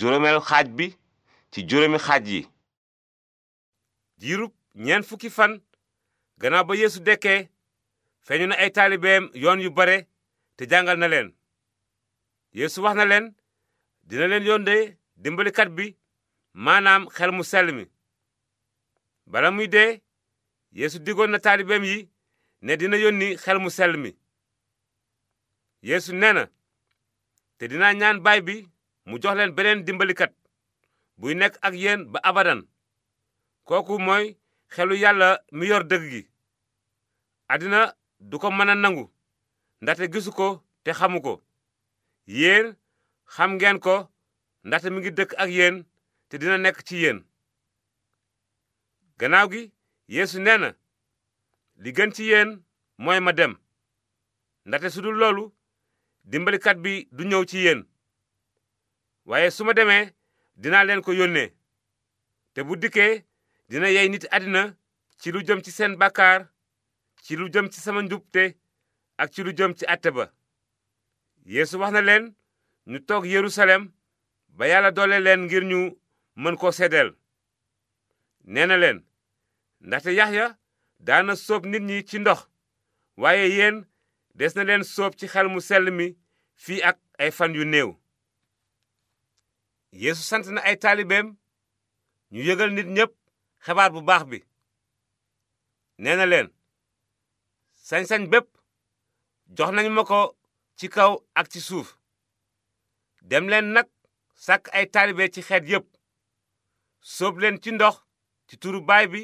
juróomeelu xaaj bi ci juróomi xaaj yi diirub ñeent fukki fan ganaaw ba yéesu dekkee feeñu na ay taalibeem yoon yu bare te jàngal na leen yéesu wax na leen dina leen yónde dimbalikat bi maanaam xel mu sell mi bala muy dee yéesu digoon na taalibeem yi ne dina yónni xel mu sell mi yéesu nee na te dinaa ñaan baay bi mu jox leen beneen dimbalikat buy nekk ak yéen ba abadan kooku mooy xelu yàlla mi yor dëgg gi àddina du ko mën a nangu ndaxte gisu ko te xamu ko yéen xam ngeen ko ndaxte mi ngi dëkk ak yéen te dina nekk ci yéen gannaaw gi yeesu nee na li gën ci yeen mooy ma dem ndaxte su dul loolu dimbalikat bi du ñëw ci yéen waaye su ma demee dinaa leen ko yónnee te bu dikkee dina yey nit àddina ci lu jëm ci seen bàkkaar ci lu jëm ci sama njubte ak ci lu jëm ci àtte ba yéesu wax na leen ñu toog yerusalem ba yàlla doole leen ngir ñu mën koo seddeel nee na leen ndaxte yax yaxya daana sóob nit ñi ci ndox waaye yeen des na leen soob ci xel mu sell mi fii ak ay fan yu néew yeesu sant na ay taalibeem ñu yëgal nit ñépp xebaar bu baax bi nee na leen sañ-sañ bépp jox nañu ma ko ci kaw ak ci suuf dem leen nag sàkk ay taalibe ci xeet yépp sóob leen ci ndox ci turu baay bi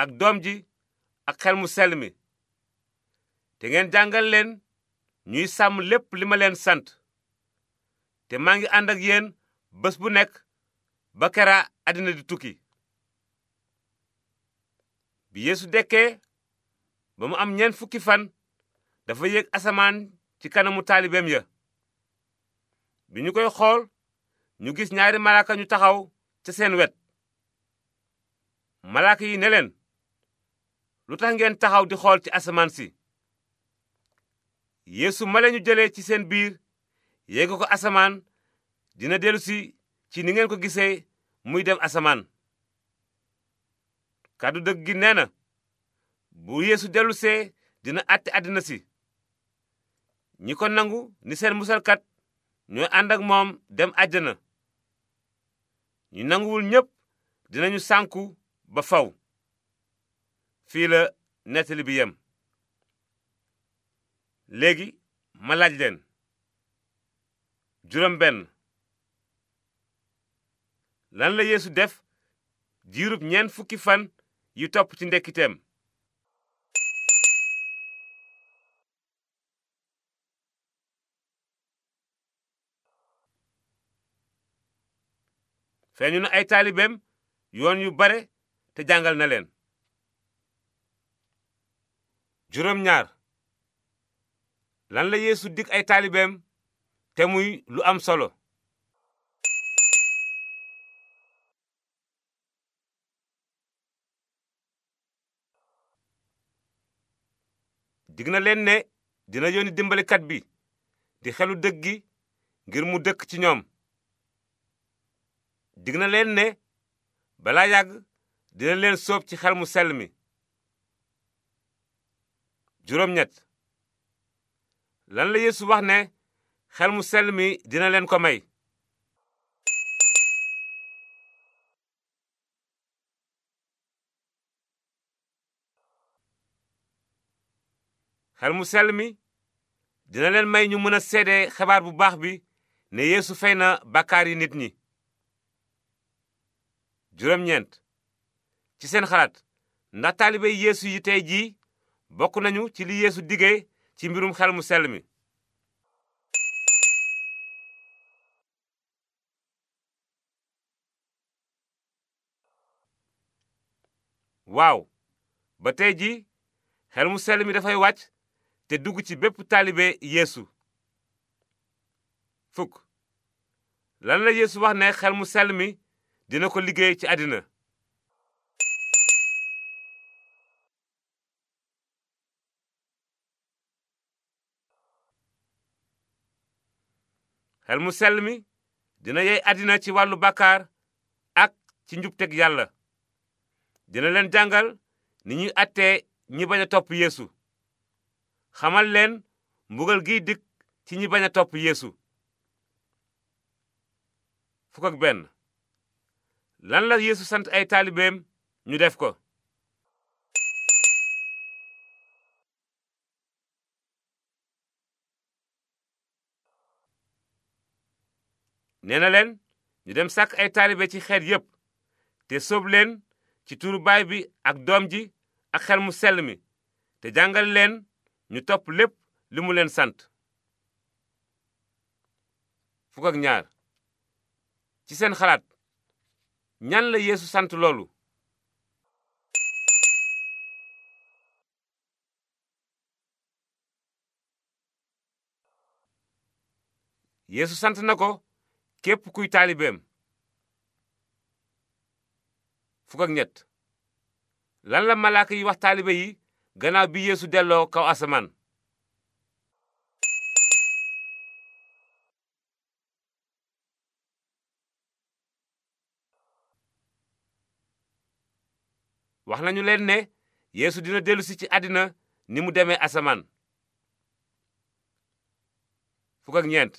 ak doom ji ak xel mu selmi te ngeen jàngal leen ñuy sàmm lépp li ma leen sant te maa ngi ànd ak yéen bës bu nekk ba kera àddina di tukki bi yeesu dekkee ba mu am ñeent fukki fan dafa yéeg asamaan ci kanamu taalibeem ya bi ñu koy xool ñu gis ñaari malaaka ñu taxaw ca seen wet malaaka yi ne leen lu tax ngeen taxaw di xool ci asamaan si yéesu male ñu jëlee ci seen biir yéege ko asamaan dina dellusi ci ni ngeen ko gisee muy dem asamaan kàddu dëgg gi nee na bu yéesu dellusee dina àtte àddina si ñi ko nangu ni seen musalkat ñooy ànd ak moom dem àjjana ñu nanguwul ñépp dinañu sànku ba faw fii la nettali bi yem léegi ma laaj leen juróom lan la yéesu def diirub ñeent fukki fan yu topp ci ndekkiteem feeñu na ay taalibeem yoon yu bare te jàngal na leen juróom ñaar lan la yéesu dig ay taalibeem te muy lu am solo digg na leen ne dina yónni dimbalikat bi di xelu dëgg gi ngir mu dëkk ci ñoom digg na leen ne balaa yàgg dina leen sóob ci xel mu sell mi juróom lan la yeesu wax ne xel mu sell mi dina leen ko may xel mu sell mi dina leen may ñu mën a seede xabaar bu baax bi ne yéesu fay na bàkkaar yi nit ñi juróom-ñeent ci seen xalaat ndax taalibe yeesu yi tey jii bokk nañu ci li yeesu dige ci mbirum xel mu sell mi waaw ba tey jii xel mu sell mi dafay wàcc te dugg ci bépp taalibe yeesu fukk lan la yéesu wax ne xel mu sell mi dina ko liggéey ci àddina xel mu sell mi dina yey àddina ci wàllu bàkkaar ak ci njubteg yàlla dina leen jàngal ni ñuy àttee ñi bañ a topp yéesu xamal leen mbugal giy dikk ci ñi bañ a topp yéesu fukk ak benn lan la yéesu sant ay taalibeem ñu def ko nee na leen ñu dem sàkk ay taalibe ci xeet yépp te sóob leen ci turu baay bi ak doom ji ak xel mu sell mi te jàngal leen ñu topp lépp li mu leen sant fukk ñaar ci seen xalaat ñan la yeesu sant loolu yéesu sant na ko képp kuy taalibeem fukk ak ñett lan la malaaka yi wax taalibe gannaaw bi yeesu delloo kaw asamaan wax nañu leen ne yéesu dina dellusi ci àddina ni mu demee asamaan fukk ñeent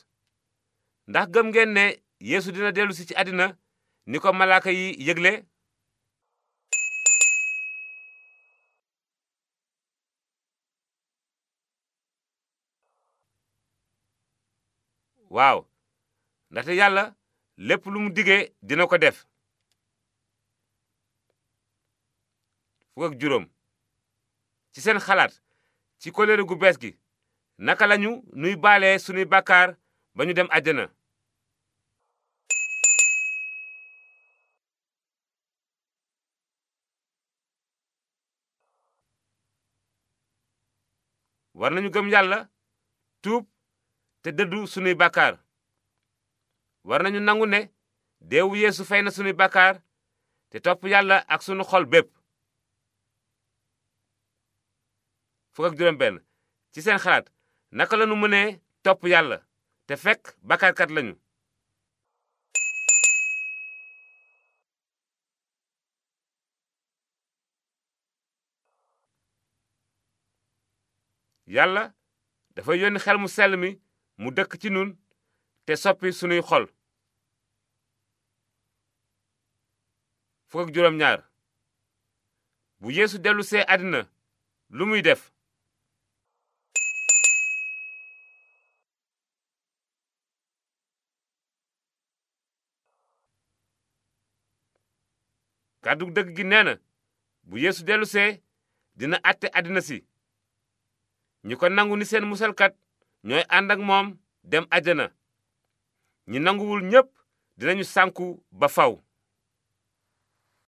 ndax gëm ngeen ne yéesu dina dellusi ci àddina ni ko malaaka yi yëgle waaw ndaxte yàlla lépp lu mu digee dina ko def fukk juróom ci seen xalaat ci kóllëre gu bees gi naka lañu nuy baalee sunuy bàkkaar ba ñu dem àjjana war nañu gëm yàlla te dëddu sunuy bàkkaar war nañu nangu ne deewu yéesu fay na sunuy bàkkaar te topp yàlla ak sunu xol bépp fukk ak ci seen xalaat naka lanu mënee topp yàlla te fekk bàkkaarkat lañu yàlla dafa yónni xel mu sell mi mu dëkk ci nun te soppi sunuy xol fukk ak bu yéesu dellusee àddina lu muy def kàddu dëkk gi nee na bu yeesu dellusee dina àtte àddina si ñi ko nangu ni seen musalkat ñooy ànd ak moom dem ajana ñi nanguwul ñépp dinañu sànku ba faw